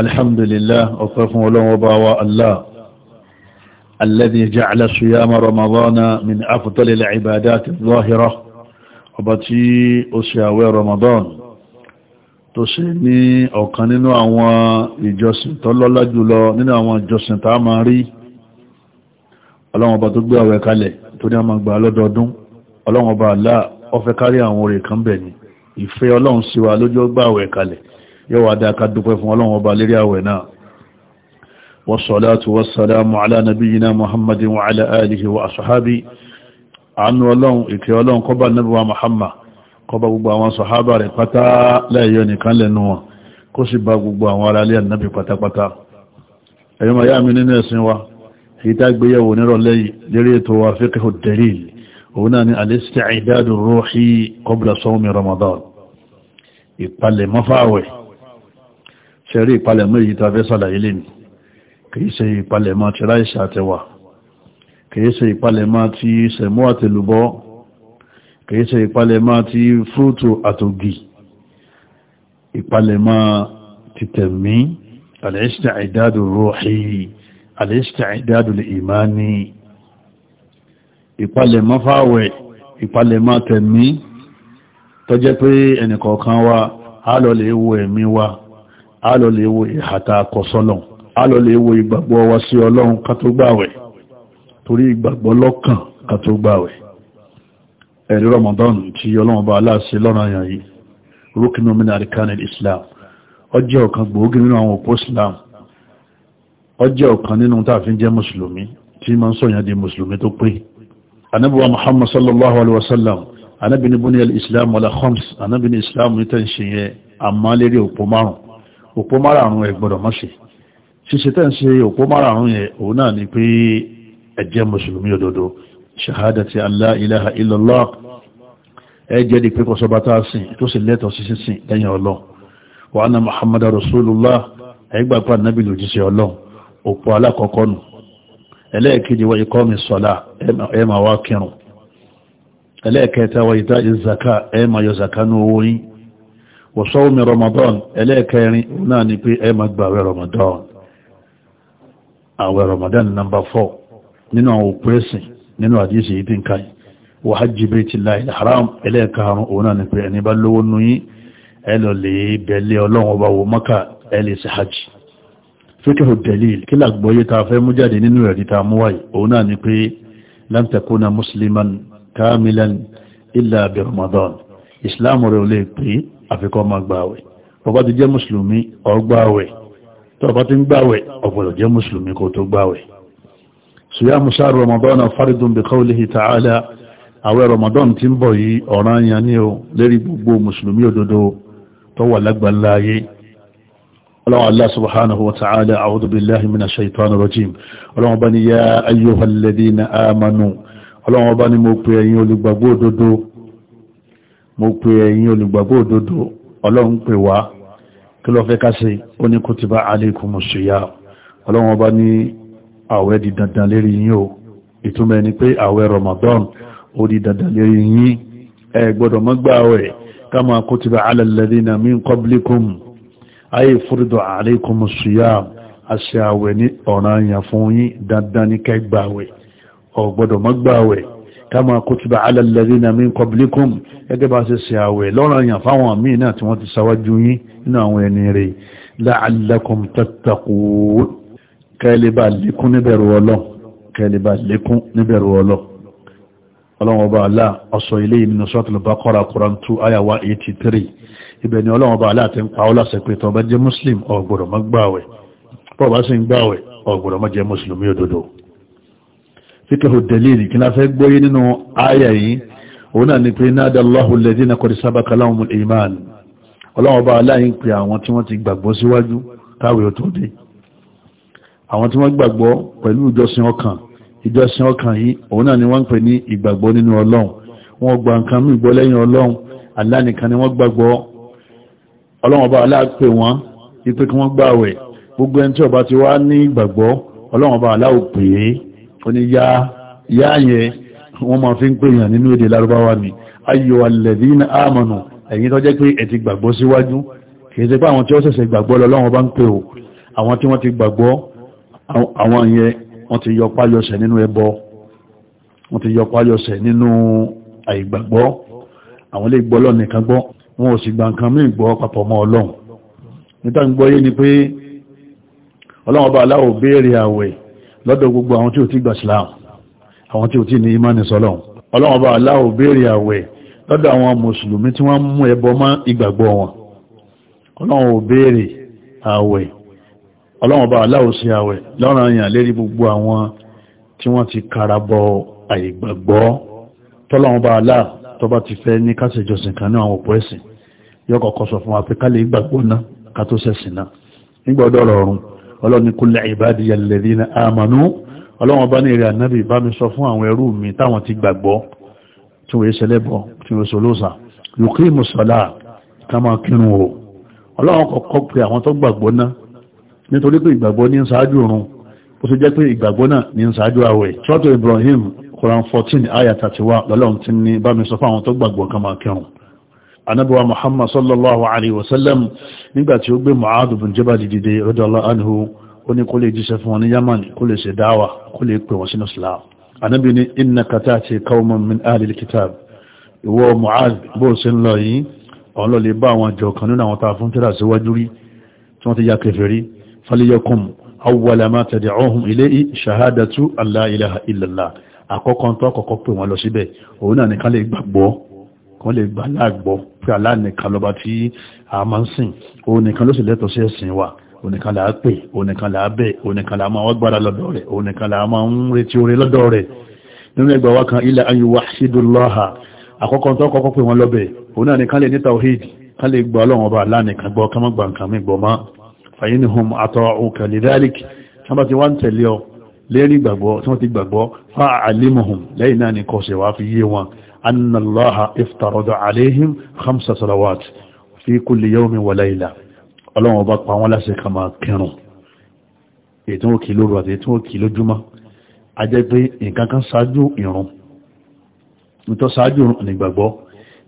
alhamdulillah ọ̀pẹ́ fún ọlọ́wọ́ bá wa allah alladhi ja'ala siyama ramadana min afdalil ibadati zahira ọba tí ó ṣe àwẹ̀ ramadan tó ṣe ní ọ̀kan nínú àwọn ìjọsìn tó lọ́lá jùlọ nínú àwọn ìjọsìn tá a máa rí ọlọ́wọ́n ọba tó gbé àwẹ̀ kalẹ̀ tó ní a máa gbà lọ́dọọdún ọlọ́wọ́n ọba allah kárí àwọn orí kan bẹ̀ ni ìfẹ́ ọlọ́run sí lójú ọgbà àwẹ̀ kalẹ̀ yóò wá dáa ká dúpẹ́ fún ọlọ́run ọba lérí àwẹ̀ náà wassalatu wassalamu ala nabiyyina muhammadin wa ala alihi wa ashabi àánú ọlọ́run ìkẹ́ ọlọ́run kọ́bà nabuwa muhammad kọba gbogbo àwọn sọ̀hábà rẹ̀ pátá lẹ́yọ nìkan lẹ́nu wọn kó sì bá gbogbo àwọn ará alẹ́ ànábì pátápátá ẹ̀yọ́ ma yá mi ṣẹ̀rí ìpalẹ̀mọ́ èyí tó fẹ́ sàlàyé lè ní kìí ṣe ìpalẹ̀mọ́ ti ráìsì àtẹwà kìí ṣe ìpalẹ̀mọ́ ti sẹ̀mọ́ àtẹlùbọ́ kìí ṣe ìpalẹ̀mọ́ ti fúrútù àtògì ìpalẹ̀mọ́ ti tẹ̀mí al-isti'dadu ruhi al-isti'dadu l a lọ lè wo ìhàtà akọ̀sọ́lọ̀ a lọ lè wo ìgbàgbọ́ wa sí ọlọ́run ká tó gbàwẹ̀ torí ìgbàgbọ́ lọ́kàn ká tó gbàwẹ̀ ẹ̀rí Ramadan tí ọlọ́run bá aláàṣẹ lọ́rọ̀ àyàn yìí rúkínú min arkanil Islam ó ọ̀kan gbòógì nínú àwọn òpó Islam ó ọ̀kan nínú tààfin jẹ́ mùsùlùmí tí ma ń sọ̀yàn di mùsùlùmí tó pé anábíwa Muhammad sallallahu alaihi wasallam anábìnibúni al-Islam wala khams anábìnibúni Islam ní tẹ́ ń ṣe yẹ àmà òpó márùn-ún òpó márààrún ẹ gbọ́dọ̀ má ṣe ṣíṣe tẹ́ ń ṣe òpó márààrún yẹn òun náà ni pé ẹ jẹ́ mùsùlùmí òdodo ṣahadati allah ilaha illallah ẹ jẹ́ di pé kọsọba tá a sìn tó sì lẹ́tọ̀ sí sísìn lẹ́yìn ọlọ́ wa muhammadu rasulullah ẹ gbà lòjíṣẹ́ ọlọ́ òpó alákọ̀ọ́kọ́ ẹlẹ́ẹ̀kejì wa iqami sọ́lá ẹ wá kírun ẹlẹ́ẹ̀kẹta wa ìta ìzaka ẹ yọ zaka ní owó yín wọ̀sọ́wọ́mi ramadan ẹlẹ́ẹ̀kẹrin náà ni pé ẹ ma gba àwẹ̀ ramadan àwẹ̀ ramadan nọmba 4 nínú àwọn òpẹ́sìn nínú àdíṣẹ́ ìdí nkáyì wà hajji baytillahi al-haram ẹlẹ́ẹ̀karùn òun náà ni pé ẹni bá lówó núyí ẹlọ lè bẹ̀lẹ̀ ọlọ́run ọba wo mọ́kà ẹlẹ́ sí hajj fíkẹ̀hù dalil kí làgbọ́yé ta fẹ́ mú jáde nínú ẹ̀rí àfikọ́ máa gbààwẹ̀ bọ́bá ti jẹ́ mùsùlùmí ó gbààwẹ̀ tó bá ti ń gbààwẹ̀ ọ̀pọ̀lọ̀ jẹ́ mùsùlùmí kó tó gbààwẹ̀ siyamu shahri ramadana faridun bi qawlihi ta'ala àwẹ̀ ramadan tí ń bọ̀ yìí ọ̀ranyàn ni o lérí gbogbo mùsùlùmí òdodo tó wà lágbàláyé ọlọ́wọ́ Allah subhanahu wa ta'ala a'udhu billahi minash shaitani rajim ọlọ́wọ́ bá ni ya ayyuhal ladina amanu ọlọ́wọ́ bá ni mo pè ẹ̀yin olùgbàgbọ́ òdodo mo pe ẹ̀yin olùgbàgbọ́ òdodo ọlọ́run pè wá kí ló fẹ́ ká ṣe ó ní kutiba alaykumu siyam ọlọ́run ọba ní àwẹ̀ di dandan lérí yín o ìtumọ̀ ẹni pé àwẹ̀ Ramadan ó di dandan lérí yín ẹ gbọ́dọ̀ má gba àwẹ̀ kama kutiba ala alladhina min qablikum ayé fúrúdọ̀ alaykumu siyam àṣẹ àwẹ̀ ní ọ̀ranyàn fún yín dandan ní kẹ́ gbàwẹ̀ ò gbọ́dọ̀ má gbàwẹ̀ كما كتب على الذين من قبلكم gẹ́gẹ́ bá ṣe لولا àwẹ̀ lọ́ranyàn fáwọn míì náà tí wọ́n تتقون ṣáwájú yín nínú àwọn ẹni rẹ̀ la'allakum tattaqun kẹ́lẹ́bà lékún níbẹ̀rù ọlọ́ kẹ́lẹ́bà ọsọ ilé ìnú suratul Baqara Quran 2 aya 183 ibẹ̀ ni ọlọ́wọ́n bá alá ti ń pa ọlá sẹ́pẹ́ tó bá jẹ́ muslim ọ̀gbọ̀dọ̀ má gbààwẹ̀ bọ́ọ̀ bá sì ń gbààwẹ̀ ọ̀gbọ̀dọ̀ má jẹ́ mùsùlùmí òdodo fíkẹ̀hù dalili kí láfẹ́ gbóyé nínú ayà yìí òun náà ni pé náàdà Allahu alladhina qad sabaqa lahumul iman ọlọ́wọ́ba aláyín pé àwọn tí wọ́n ti gbàgbọ́ síwájú káwẹ̀ tó dé àwọn tí wọ́n gbàgbọ́ pẹ̀lú ìjọsìn ọkàn ìjọsìn ọkàn yìí òun náà ni wọ́n ń pè ní ìgbàgbọ́ nínú ọlọ́run wọ́n gba nǹkan mí oníyá yá yẹn wọ́n máa fi ń pè yàn nínú èdè lárúbáwá ni ayò alladhina amanu ẹ̀yin tó jẹ́ pé ẹ ti gbàgbọ́ síwájú kìí ṣe pé àwọn tí ó ṣẹ̀ṣẹ̀ gbàgbọ́ lọ́wọ́ bá ń pè ò àwọn tí wọ́n ti gbàgbọ́ àwọn yẹn wọ́n ti yọ páyọsẹ̀ nínú ẹbọ wọ́n ti yọ páyọsẹ̀ nínú àìgbàgbọ́ àwọn lè gbọ́ lọ́nà nìkan gbọ́ wọn ò sì gbà nǹkan mí gbọ́ papọ̀ mọ́ ọlọ́run níta gbọ́ yé ni pé ọlọ́run ọba aláwọ̀ béèrè àwẹ̀ lọ́dọ̀ gbogbo àwọn tí ò ti gbà islam àwọn tí ò ti ní imáni sọ́lọ́n ọlọ́wọ́n bá aláwọ̀ béèrè àwẹ̀ lọ́dọ̀ àwọn mùsùlùmí tí wọ́n mú ẹbọ mọ́ ìgbàgbọ́ wọn ọlọ́wọ́n béèrè àwẹ̀ ọlọ́wọ́n bá aláwọ̀ sí àwẹ̀ lọ́rọ̀ yàn lérí gbogbo àwọn tí wọ́n ti karabọ àìgbàgbọ́ tọ́lọ́wọ́n bá alá tó bá ọlọ́ni kúlẹ̀ ìbádìyà lẹ́dínà àmànú ọlọ́wọ́n bá ní èrè ànábì bá mi sọ fún àwọn ẹrú mi táwọn ti gbàgbọ́ tí wọ́n ṣẹlẹ́bọ̀ tí wọ́n ṣolóòsà yòókì mùsọ̀lá ká máa kírun o ọlọ́wọ́n kọ́kọ́ pé àwọn tó gbàgbọ́ náà Quran 14 ayat 31 lọ́lọ́run ti ní bá mi sọ fún àwọn anábíwá muhammad sallallahu alaihi wasallam nígbàtí ó gbé mu'adh bin jabal dìde radiyallahu anhu ó ní kó lè jíṣẹ́ fún wọn ní yaman kó lè ṣe dáwà kó lè pè wọn sínú islam anábí ní innaka ta'ti qawman min ahlil kitab ìwọ mu'adh bó ṣe ń lọ yìí ọ̀n lọ lè bá àwọn jọ kan nínú àwọn tàà fún tíra síwájú rí tí wọ́n ti ya kèfèrí falyakum awwala ma tad'uhum ilayhi shahadatu an la ilaha illallah àkọ́kọ́ tó àkọ́kọ́ pè wọn lọ síbẹ̀ òun náà nìkan lè gbàgbọ́ kan lè gbà láàgbọ́ pé Allah nìkan lọ́ba tí a máa ń sìn òun nìkan ló sì lẹ́tọ̀ọ́ sí ẹ̀sìn wa òun nìkan là á pè òun nìkan là á bẹ̀ òun nìkan là á máa wá gbára lọ́dọ̀ rẹ̀ òun nìkan là á máa ń retí oore lọ́dọ̀ rẹ̀ nínú ẹgbà wa kan illa an àkọ́kọ́ tó kọ́kọ́ pé wọ́n lọ́bẹ̀ òun fa alimuhum lẹ́yìn náà ni kọ́ ṣe fi yé wọn أن الله افترض عليهم خمس صلوات في كل يوم وليلة ọlọ́run ọba pa wọ́n láṣẹ ká máa kẹrùn ètò òkè lóru àti ètò òkè lójúmọ́ a jẹ́ pé nǹkan kan ṣáájú ìrun nítọ́ ṣáájú nígbàgbọ́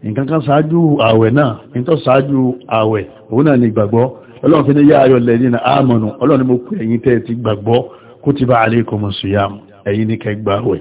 nǹkan kan ṣáájú ààwẹ̀ náà nítọ́ ṣáájú ààwẹ̀ òun náà nígbàgbọ́ ọlọ́run fi ní yá ayọ̀ lẹ́yìn náà àmọ̀nù ọlọ́run mo pè ẹ̀yin tẹ́ ti gbàgbọ́ kutiba alaykumus siyam ẹ̀yin ní kẹgbàwẹ̀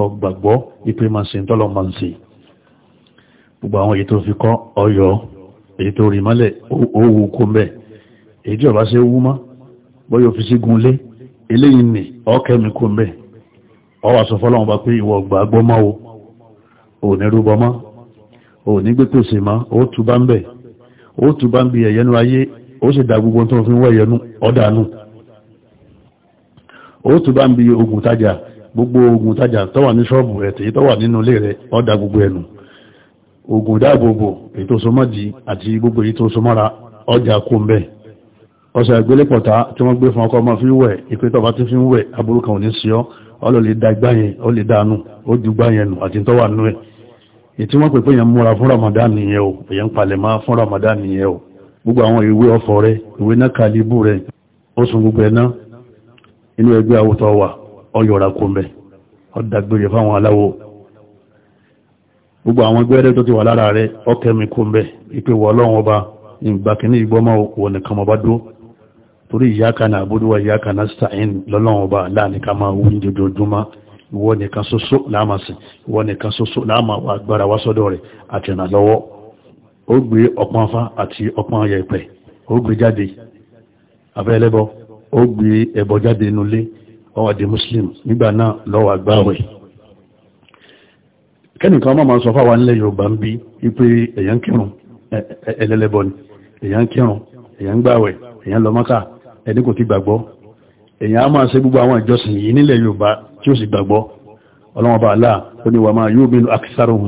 tó gbàgbọ́ ipe máa ṣe tọ́lọ máa ń ṣe gbogbo àwọn èyí tó fi kọ́ ọyọ èyí tó rí mọ́lẹ̀ owó kó mẹ́ èyí tí ọba ṣe wú mọ́ bóyá òfin sígun lé eléyìí nì ọkẹ́mi kó mẹ́ ọwà sọ fọ́lọ́wọ́n bá pé ìwọ gbàgbọ́ mọ́ o ò ní rúbọ mọ́ ò ní gbé pèsè mọ́ ó tú bá ń bẹ̀ ó tú bá ń bi ẹ̀yẹnu ayé ó sì dá gbogbo tó fi wọ́ ẹ̀yẹnu ọ̀dànù ó tú bá ń bi ogun tájà gbogbo ogun tajà tó wà ní ṣọ́ọ̀bù ẹ̀tẹ̀ tó wà nínú ilé rẹ̀ ọ̀dà gbogbo ẹnu ogun dáàbòbò èyí tó so mọ́dí àti gbogbo èyí tó so mọ́ra ọjà kó ń bẹ́ ọ̀sẹ̀ ìgbélépọ̀ta tí wọ́n gbé fún ọkọ̀ ọmọ fi wẹ̀ ìpé tọba tí fi ń wẹ̀ aburú kan ò ní sí ọ́ ọ lọ lè da inú ẹgbẹ́ àwòtọ́ wà ọyọ̀ra kó mẹ́ ọdàgbére fáwọn aláwo gbogbo àwọn gbẹ́rẹ́ tó ti wà lára rẹ̀ ọkẹ́mi kó mẹ́ wọ ọlọ́run ọba ìgbàkíní ìgbọ́mọ̀ wọn nìkan ọba dó torí iyyaka na'budu wa iyyaka lọ́lọ́run ọba láàníkà ní ojoojúmọ́ ó gbé jáde ọwà di muslim nígbà náà lọ́wọ́ àgbáwẹ̀ kẹ́nìkan máa sọ fáwọn ilẹ̀ yorùbá ń bí wípé èyàn kírun ẹlẹ́lẹ́bọ ni èyàn kírun èyàn gbàwẹ̀ èyàn lọ Mákà ẹni kò ti gbàgbọ́ èyàn á máa ṣe gbogbo àwọn ìjọsìn yìí nílẹ̀ yorùbá tí ó sì gbàgbọ́ ọlọ́wọ́ba aláà ó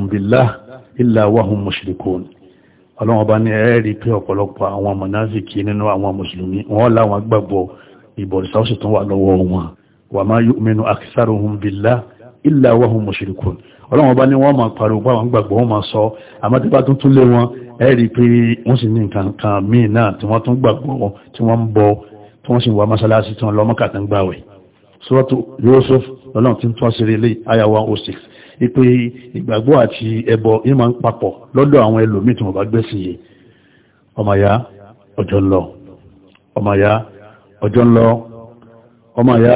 wà lọ́wọ́ wọn wa ma yu'minu aktharuhum billah illa wa hum mushrikun ọlọ́wọ́n bá ní wọ́n máa pariwo bá wọn gbàgbọ́ wọn máa sọ àmọ́ tí bá tún tún lé wọn ẹ rí i pé wọ́n sì ní nǹkan kan míì náà tí wọ́n tún gbàgbọ́ tí wọ́n ń bọ tí wọ́n sì wà mọ́sálásí tí wọ́n lọ mọ́kàtà ń gbàwẹ̀ sọ́tò Yusuf ọlọ́run tí ń tún oh ọjọ́ ń lọ ọmọ ya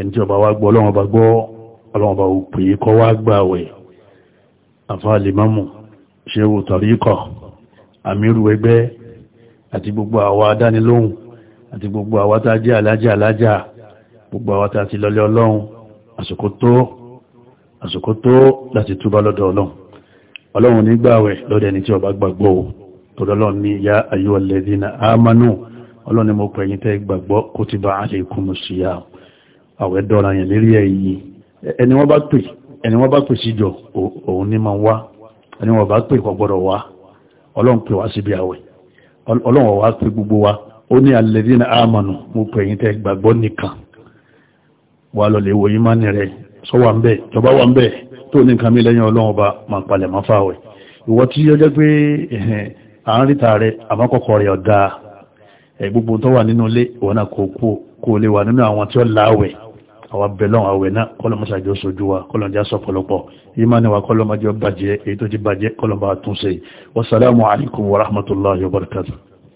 ẹni tí ọba wá gbọ́ ọlọ́wọ́n bá gbọ́ ọlọ́wọ́n bá ò pè é kọ́ wá gbà wẹ̀ àfa àlèmọ́mù ṣéwò tọ̀ríkọ̀ àmírù ẹgbẹ́ àti gbogbo àwa dánilóhùn àti gbogbo àwa tá jẹ́ alájà alájà gbogbo àwa tá ti lọlé ọlọ́run àsìkò tó láti túbá lọ́dọ̀ ọlọ́run ọlọ́run nígbàwẹ̀ lọ́dọ̀ ẹni tí ọba gbàgbọ́ o tọ́lọ́lọ́ ní ya ayyuhal ladhina amanu ọlọ́run ni mo pẹ̀yìn tẹ́ gbàgbọ́ kutiba alaykumus siyam àwẹ̀ dọ́ra yẹn lérí ẹ̀yí ẹni wọ́n bá pè ẹni wọ́n bá pè síjọ òun ní ma wá ẹni wọ́n bá pè kò gbọ́dọ̀ wá ọlọ́run pè wá síbi àwẹ̀ ọlọ́run wá pè gbogbo wa ó ní alladhina amanu mo pè yín tẹ́ gbàgbọ́ nìkan wà lọ lè wo yín má ní rẹ sọ wà ń bẹ tọba wà ń bẹ tó ní nǹkan mi lẹ́yìn ọlọ́run ọba máa palẹ̀ máa fáwẹ̀ ìwọ tí ó jẹ́ pé àárín ta rẹ àmọ́kọ̀kọ̀ rẹ̀ ọ̀dà gbogbo tó wà nínú ilé ìwọ náà kò kú kó lè wà nínú àwọn tí ó láwẹ̀ àwọn abẹ́lọ́n àwẹ̀ náà kọlọmọ́sàjọ́ sojú wa kọlọmọ́já sọpọlọpọ̀ ìmáni wa kọlọmọ́jọ́ bàjẹ́ èyí tó ti bàjẹ́ kọlọmọ́ àtúnṣe wassalamu alaikum warahmatullahi wabarakatuh